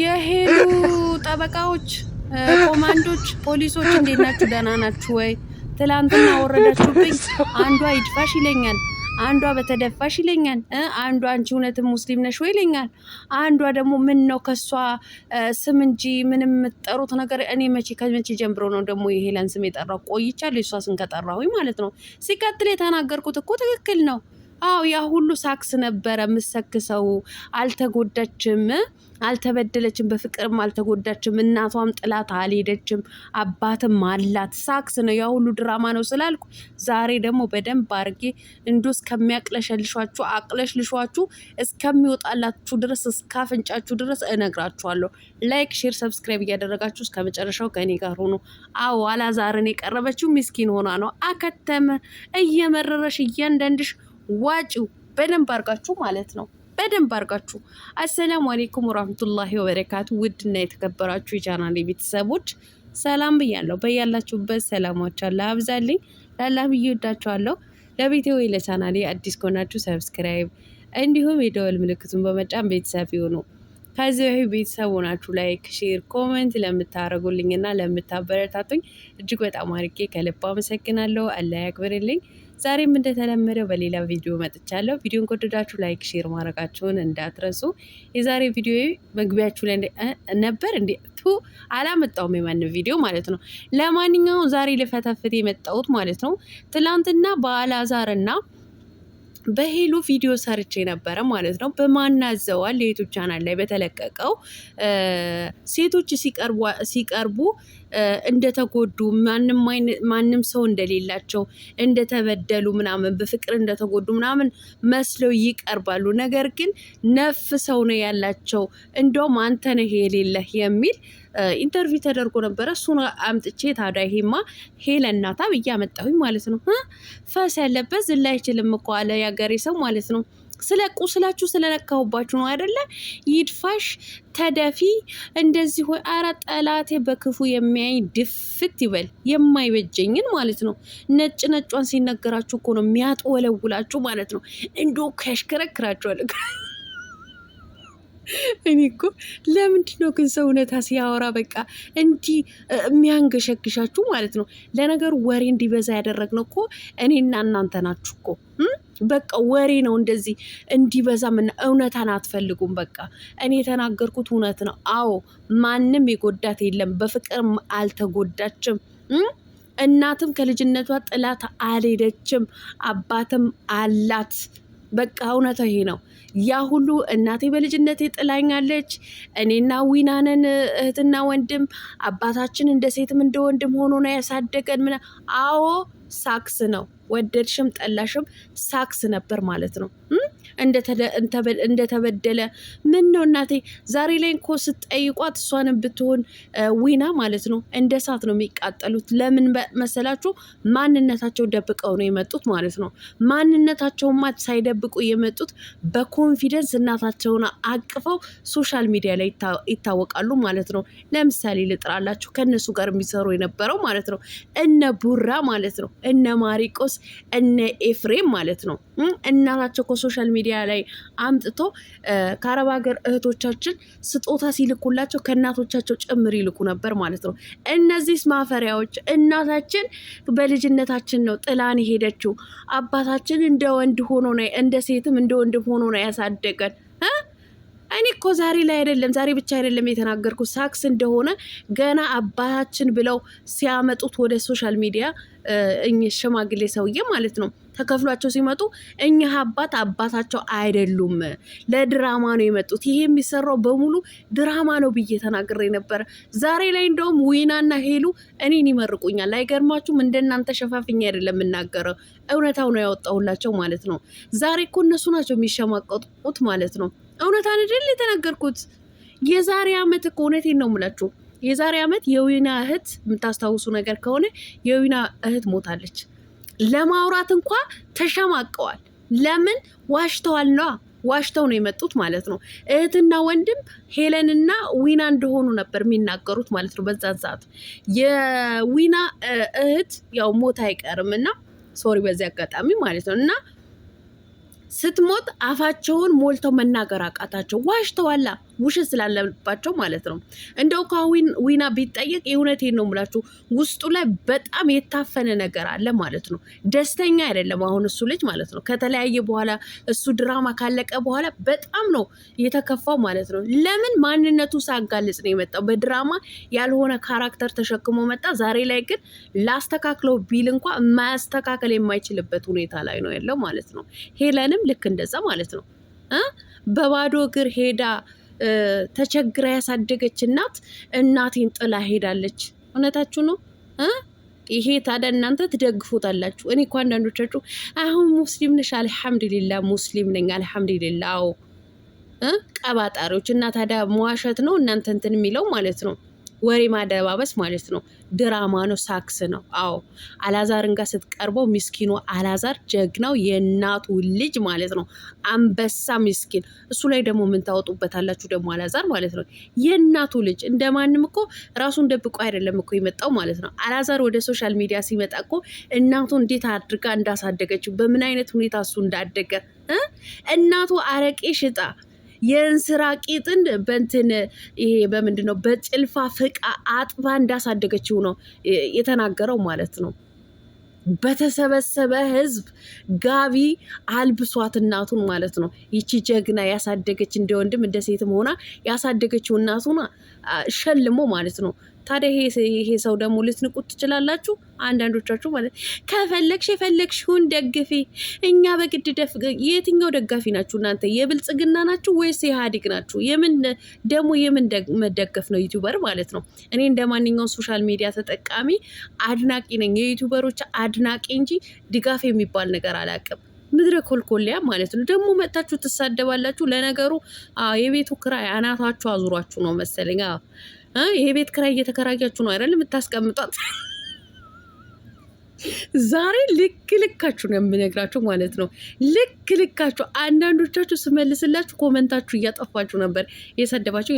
የሄሉ ጠበቃዎች፣ ኮማንዶች፣ ፖሊሶች እንዴት ናችሁ? ደህና ናችሁ ወይ? ትላንትና ወረዳችሁብኝ። አንዷ ይድፋሽ ይለኛል፣ አንዷ በተደፋሽ ይለኛል፣ አንዷ አንቺ እውነትም ሙስሊም ነሽ ወይ ይለኛል፣ አንዷ ደግሞ ምን ነው ከእሷ ስም እንጂ ምንም የምትጠሩት ነገር። እኔ መቼ ከመቼ ጀምሮ ነው ደግሞ የሄለን ስም የጠራው? ቆይቻለሁ የእሷ ስም ከጠራሁኝ ማለት ነው። ሲቀጥል የተናገርኩት እኮ ትክክል ነው። አዎ ያ ሁሉ ሳክስ ነበረ የምሰክሰው። አልተጎዳችም፣ አልተበደለችም፣ በፍቅርም አልተጎዳችም። እናቷም ጥላት አልሄደችም፣ አባትም አላት። ሳክስ ነው፣ ያ ሁሉ ድራማ ነው ስላልኩ ዛሬ ደግሞ በደንብ አርጌ እንዶ እስከሚያቅለሸልሿችሁ አቅለሽልሿችሁ እስከሚወጣላችሁ ድረስ እስካፍንጫችሁ ድረስ እነግራችኋለሁ። ላይክ፣ ሼር፣ ሰብስክራይብ እያደረጋችሁ እስከ መጨረሻው ከእኔ ጋር ሆኖ። አዎ አላዛርን የቀረበችው ሚስኪን ሆና ነው። አከተመ እየመረረሽ እያንዳንድሽ ዋጪው በደንብ አርጋችሁ ማለት ነው። በደንብ አርጋችሁ። አሰላሙ አሌይኩም ወራህመቱላሂ ወበረካቱ። ውድና የተከበራችሁ የቻናሌ ቤተሰቦች ሰላም ብያለሁ። በያላችሁበት ሰላሞች አለ አብዛልኝ ላላ ብዬ ወዳችኋለሁ። ለቤቴ ወይ ለቻናሌ አዲስ ከሆናችሁ ሰብስክራይብ እንዲሁም የደወል ምልክቱን በመጫን ቤተሰብ ይሁኑ። ከዚህ በፊት ቤተሰብ ሆናችሁ ላይክ፣ ሼር፣ ኮመንት እና ለምታበረታቱኝ እጅግ በጣም አድርጌ ከልብ አመሰግናለሁ። አላህ ያክብርልኝ። ዛሬም እንደተለመደው በሌላ ቪዲዮ መጥቻለሁ። ቪዲዮን ከወደዳችሁ ላይክ፣ ሼር ማድረጋችሁን እንዳትረሱ። የዛሬ ቪዲዮ መግቢያችሁ ላይ ነበር እንዲ ቱ አላመጣውም የማንም ቪዲዮ ማለት ነው። ለማንኛውም ዛሬ ልፈታፍት የመጣሁት ማለት ነው ትላንትና በአላዛር እና በሄሉ ቪዲዮ ሰርቼ ነበረ ማለት ነው። በማናዘዋል የዩቱብ ቻናል ላይ በተለቀቀው ሴቶች ሲቀርቡ እንደተጎዱ ማንም ሰው እንደሌላቸው እንደተበደሉ ምናምን በፍቅር እንደተጎዱ ምናምን መስለው ይቀርባሉ። ነገር ግን ነፍ ሰው ነው ያላቸው እንደውም አንተ ነህ የሌለህ የሚል ኢንተርቪው ተደርጎ ነበረ። እሱን አምጥቼ ታዲያ ይሄማ ሄለ ናታ ብዬ አመጣሁኝ ማለት ነው። ፈስ ያለበት ዝላ አይችልም እኮ አለ ያገሬ ሰው ማለት ነው። ስለ ቁስላችሁ ስለነካሁባችሁ ነው አይደለ? ይድፋሽ፣ ተደፊ፣ እንደዚህ ሆይ። አረ ጠላቴ በክፉ የሚያይ ድፍት ይበል፣ የማይበጀኝን ማለት ነው። ነጭ ነጯን ሲነገራችሁ እኮ ነው የሚያጥወለውላችሁ ማለት ነው። እንዲሁ ያሽከረክራችኋል። እኔ እኮ ለምንድን ነው ግን ሰው እውነታ ሲያወራ በቃ እንዲህ የሚያንገሸግሻችሁ ማለት ነው? ለነገሩ ወሬ እንዲበዛ ያደረግነው እኮ እኔና እናንተ ናችሁ እኮ በቃ ወሬ ነው እንደዚህ እንዲበዛም እና እውነታን አትፈልጉም። በቃ እኔ የተናገርኩት እውነት ነው። አዎ ማንም የጎዳት የለም። በፍቅርም አልተጎዳችም። እናትም ከልጅነቷ ጥላት አልሄደችም። አባትም አላት። በቃ እውነት ይሄ ነው። ያ ሁሉ እናቴ በልጅነቴ ጥላኛለች። እኔና ዊናነን እህትና ወንድም፣ አባታችን እንደ ሴትም እንደ ወንድም ሆኖ ነው ያሳደገን። ምና አዎ ሳክስ ነው፣ ወደድሽም ጠላሽም ሳክስ ነበር ማለት ነው። እንደተበደለ ምን ነው እናቴ ዛሬ ላይ እኮ ስትጠይቋት እሷንም ብትሆን ዊና ማለት ነው እንደ እሳት ነው የሚቃጠሉት። ለምን መሰላችሁ? ማንነታቸው ደብቀው ነው የመጡት ማለት ነው። ማንነታቸውማ ሳይደብቁ የመጡት በኮንፊደንስ እናታቸውን አቅፈው ሶሻል ሚዲያ ላይ ይታወቃሉ ማለት ነው። ለምሳሌ ልጥራላችሁ ከእነሱ ጋር የሚሰሩ የነበረው ማለት ነው እነ ቡራ ማለት ነው እነ ማሪቆስ እነ ኤፍሬም ማለት ነው እናታቸው ከሶሻል ሚዲያ ሚዲያ ላይ አምጥቶ ከአረብ ሀገር እህቶቻችን ስጦታ ሲልኩላቸው ከእናቶቻቸው ጭምር ይልኩ ነበር ማለት ነው። እነዚህስ ማፈሪያዎች እናታችን በልጅነታችን ነው ጥላን ሄደችው። አባታችን እንደ ወንድ ሆኖ ነው እንደ ሴትም እንደ ወንድም ሆኖ ነው ያሳደገን። እኔ እኮ ዛሬ ላይ አይደለም ዛሬ ብቻ አይደለም የተናገርኩት፣ ሳክስ እንደሆነ ገና አባታችን ብለው ሲያመጡት ወደ ሶሻል ሚዲያ እኝ ሽማግሌ ሰውዬ ማለት ነው ተከፍሏቸው ሲመጡ እኛ አባት አባታቸው አይደሉም፣ ለድራማ ነው የመጡት። ይሄ የሚሰራው በሙሉ ድራማ ነው ብዬ ተናግሬ ነበረ። ዛሬ ላይ እንደውም ዊናና ሄሉ እኔን ይመርቁኛል። አይገርማችሁም? እንደናንተ ሸፋፍኛ አይደለም የምናገረው፣ እውነታው ነው ያወጣሁላቸው ማለት ነው። ዛሬ እኮ እነሱ ናቸው የሚሸማቀቁት ማለት ነው። እውነት አንድል የተናገርኩት የዛሬ ዓመት እኮ እውነቴን ነው የምላችሁ የዛሬ ዓመት የዊና እህት የምታስታውሱ ነገር ከሆነ የዊና እህት ሞታለች። ለማውራት እንኳ ተሸማቀዋል። ለምን ዋሽተዋል ነዋ። ዋሽተው ነው የመጡት ማለት ነው። እህትና ወንድም ሄለንና ዊና እንደሆኑ ነበር የሚናገሩት ማለት ነው። በዛን ሰዓት የዊና እህት ያው ሞት አይቀርም እና ሶሪ በዚህ አጋጣሚ ማለት ነው እና ስትሞት አፋቸውን ሞልተው መናገር አቃታቸው። ዋሽተዋላ ውሸት ስላለባቸው ማለት ነው። እንደው ዊና ቢጠየቅ የእውነቴን ነው የምላችሁ ውስጡ ላይ በጣም የታፈነ ነገር አለ ማለት ነው። ደስተኛ አይደለም አሁን እሱ ልጅ ማለት ነው። ከተለያየ በኋላ እሱ ድራማ ካለቀ በኋላ በጣም ነው የተከፋው ማለት ነው። ለምን ማንነቱ ሳጋልጽ ነው የመጣው። በድራማ ያልሆነ ካራክተር ተሸክሞ መጣ። ዛሬ ላይ ግን ላስተካክለው ቢል እንኳ ማስተካከል የማይችልበት ሁኔታ ላይ ነው ያለው ማለት ነው። ሄለንም ልክ እንደዛ ማለት ነው በባዶ እግር ሄዳ ተቸግራ ያሳደገች እናት እናቴን ጥላ ሄዳለች። እውነታችሁ ነው ይሄ ታዲያ እናንተ ትደግፉታላችሁ። እኔ እኮ አንዳንዶቻችሁ አሁን ሙስሊም ነሽ አልሐምድሊላ ሙስሊም ነኝ አልሐምድሊላ አዎ ቀባጣሪዎች እና ታዲያ መዋሸት ነው እናንተ እንትን የሚለው ማለት ነው። ወሬ ማደባበስ ማለት ነው። ድራማ ነው፣ ሳክስ ነው። አዎ አላዛርን ጋር ስትቀርበው ምስኪኑ አላዛር ጀግናው የእናቱ ልጅ ማለት ነው። አንበሳ ምስኪን። እሱ ላይ ደግሞ ምን ታወጡበታላችሁ ደግሞ አላዛር ማለት ነው። የእናቱ ልጅ እንደማንም እኮ ራሱን ደብቆ አይደለም እኮ የመጣው ማለት ነው። አላዛር ወደ ሶሻል ሚዲያ ሲመጣ እኮ እናቱ እንዴት አድርጋ እንዳሳደገችው፣ በምን አይነት ሁኔታ እሱ እንዳደገ እናቱ አረቄ ሽጣ የእንስራ ቂጥን በንትን ይሄ በምንድን ነው በጭልፋ ፍቃ አጥባ እንዳሳደገችው ነው የተናገረው ማለት ነው። በተሰበሰበ ህዝብ ጋቢ አልብሷት እናቱን ማለት ነው። ይቺ ጀግና ያሳደገች እንደ ወንድም እንደ ሴትም ሆና ያሳደገችው እናቱን ሸልሞ ማለት ነው ታዲያ ይሄ ሰው ደግሞ ልትንቁት ትችላላችሁ። አንዳንዶቻችሁ ማለት ከፈለግሽ የፈለግሽውን ደግፊ፣ እኛ በግድ ደፍ። የትኛው ደጋፊ ናችሁ እናንተ? የብልጽግና ናችሁ ወይስ የኢህአዴግ ናችሁ? የምን ደግሞ የምን መደገፍ ነው? ዩቱበር ማለት ነው። እኔ እንደ ማንኛውም ሶሻል ሚዲያ ተጠቃሚ አድናቂ ነኝ፣ የዩቱበሮች አድናቂ እንጂ ድጋፍ የሚባል ነገር አላውቅም። ምድረ ኮልኮሊያ ማለት ነው። ደግሞ መጥታችሁ ትሳደባላችሁ። ለነገሩ የቤቱ ክራይ አናታችሁ አዙሯችሁ ነው መሰለኝ። ይሄ ቤት ክራይ እየተከራያችሁ ነው አይደል የምታስቀምጧት? ዛሬ ልክ ልካችሁ ነው የምነግራችሁ ማለት ነው። ልክ ልካችሁ አንዳንዶቻችሁ ስመልስላችሁ ኮመንታችሁ እያጠፋችሁ ነበር የሰደባችሁ።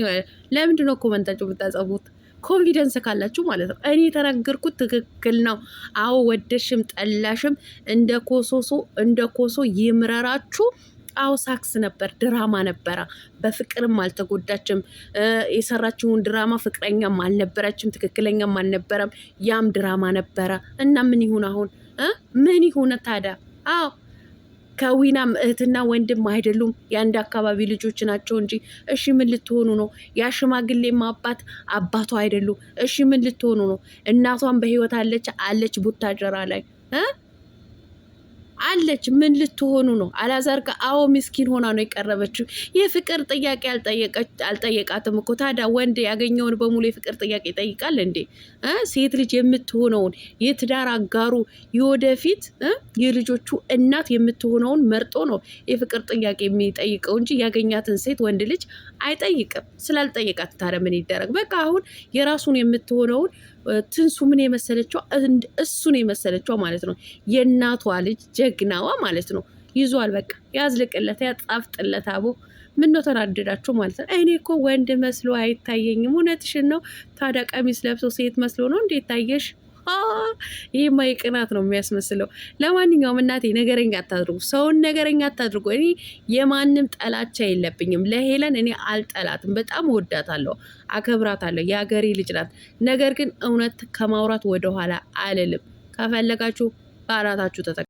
ለምንድን ነው ኮመንታችሁ የምታጸፉት? ኮንፊደንስ ካላችሁ ማለት ነው። እኔ የተናገርኩት ትክክል ነው። አዎ ወደሽም ጠላሽም እንደ ኮሶሶ እንደ ኮሶ ይምረራችሁ። አዎ ሳክስ ነበር፣ ድራማ ነበረ። በፍቅርም አልተጎዳችም። የሰራችውን ድራማ ፍቅረኛም አልነበረችም፣ ትክክለኛም አልነበረም። ያም ድራማ ነበረ እና ምን ይሁን አሁን ምን ይሁን ታዲያ? አዎ ከዊናም እህትና ወንድም አይደሉም፣ የአንድ አካባቢ ልጆች ናቸው እንጂ። እሺ ምን ልትሆኑ ነው? ያ ሽማግሌም አባት አባቷ አይደሉም። እሺ ምን ልትሆኑ ነው? እናቷም በህይወት አለች አለች ቡታጀራ ላይ አለች። ምን ልትሆኑ ነው? አላዛር ጋር አዎ ምስኪን ሆና ነው የቀረበችው። የፍቅር ጥያቄ አልጠየቃትም እኮ ታዲያ። ወንድ ያገኘውን በሙሉ የፍቅር ጥያቄ ይጠይቃል እንዴ? ሴት ልጅ የምትሆነውን የትዳር አጋሩ የወደፊት የልጆቹ እናት የምትሆነውን መርጦ ነው የፍቅር ጥያቄ የሚጠይቀው እንጂ ያገኛትን ሴት ወንድ ልጅ አይጠይቅም። ስላልጠየቃት ታዲያ ምን ይደረግ? በቃ አሁን የራሱን የምትሆነውን ትንሱ ምን የመሰለችዋ እሱን የመሰለችዋ ማለት ነው። የእናቷ ልጅ ጀግናዋ ማለት ነው። ይዟል በቃ ያዝልቅለት፣ ያጣፍጥለት አቦ ምን ነው ተናደዳችሁ ማለት ነው። እኔ እኮ ወንድ መስሎ አይታየኝም። እውነትሽን ነው። ታዲያ ቀሚስ ለብሶ ሴት መስሎ ነው እንዴት ታየሽ? ይህ ቅናት ነው የሚያስመስለው። ለማንኛውም እናቴ ነገረኛ አታድርጉ፣ ሰውን ነገረኛ አታድርጉ። እኔ የማንም ጠላቻ የለብኝም። ለሄለን እኔ አልጠላትም፣ በጣም ወዳታለሁ፣ አከብራታለሁ። የሀገሬ ልጅ ናት። ነገር ግን እውነት ከማውራት ወደኋላ አልልም። ከፈለጋችሁ በአራታችሁ ተጠቀ